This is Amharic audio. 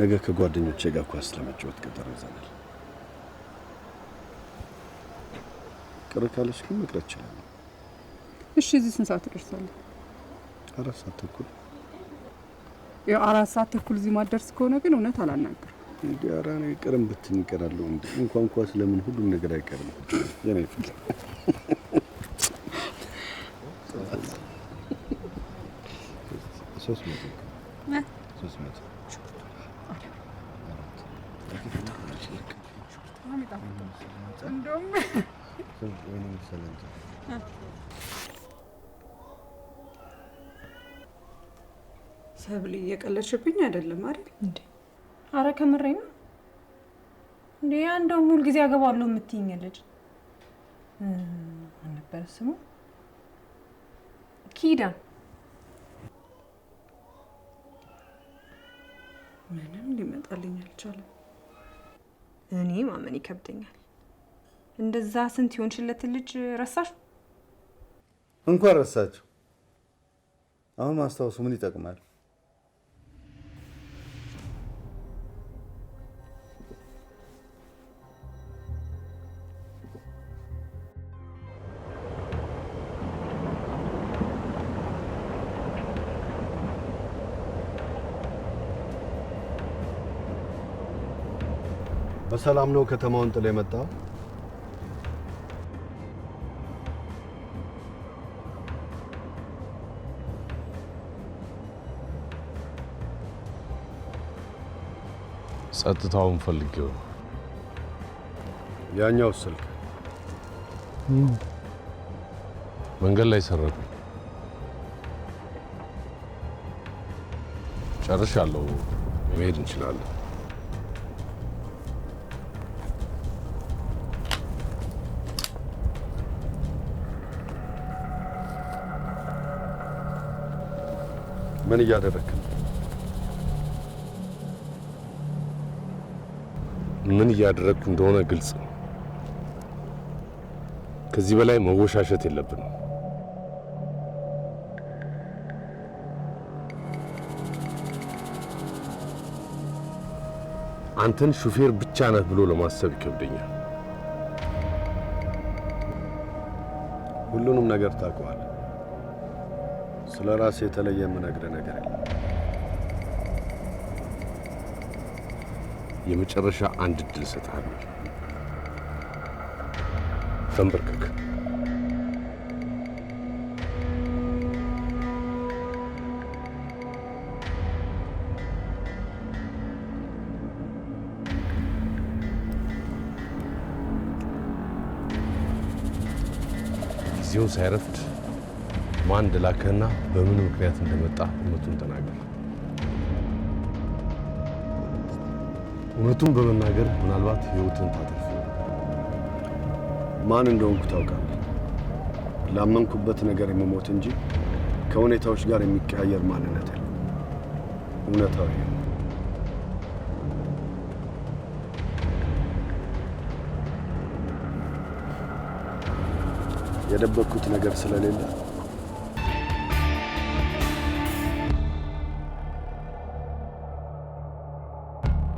ነገ ከጓደኞቼ ጋር ኳስ ለመጫወት ቀጠሮ ይዘናል። ቅር ካለች ግን መቅረት እችላለሁ። እሺ፣ እዚህ ስንት ሰዓት ትደርሳለህ? አራት ሰዓት ተኩል። ያው አራት ሰዓት ተኩል እዚህ ማደርስ ከሆነ ግን እውነት አላናገርም። እንዲህ ኧረ እኔ ቅርም ብትን ይቀራሉ። እንዲ እንኳን ኳስ ለምን ሁሉም ነገር አይቀርም። የኔ ፍቅር ሶስት መቶ ሶስት መቶ ሰብል እየቀለድሽብኝ አይደለም አይደል? እንዴ አረ ከምሬ ነው እንዴ። እንደው ሁል ጊዜ አገባለሁ የምትይኝ ልጅ አልነበረ ስሙ ኪዳ ምንም ሊመጣልኝ አልቻለም። እኔ ማመን ይከብደኛል። እንደዛ ስንት የሆንሽለትን ልጅ ረሳሽ? እንኳን ረሳችሁ። አሁን ማስታወሱ ምን ይጠቅማል? በሰላም ነው ከተማውን ጥለ የመጣ ጸጥታውን ፈልጌው ያኛው ስልክ መንገድ ላይ ሰረቁኝ። ጨርሻለሁ። መሄድ እንችላለን። ምን እያደረክ ምን እያደረግኩ እንደሆነ ግልጽ ነው። ከዚህ በላይ መወሻሸት የለብንም። አንተን ሹፌር ብቻ ነህ ብሎ ለማሰብ ይከብደኛል። ሁሉንም ነገር ታውቀዋለህ። ስለ ራሴ የተለየ የምነግርህ ነገር የለም። የመጨረሻ አንድ እድል እሰጥሃለሁ። ተንበርከክ። ጊዜው ሳይረፍድ ማን እንደላከህና በምን ምክንያት እንደመጣ እውነቱን ተናገር። እውነቱን በመናገር ምናልባት ህይወትን ታተርፍ። ማን እንደሆንኩ ታውቃለህ። ላመንኩበት ነገር የምሞት እንጂ ከሁኔታዎች ጋር የሚቀያየር ማንነት ያለ እውነታዊ የደበቅኩት ነገር ስለሌለ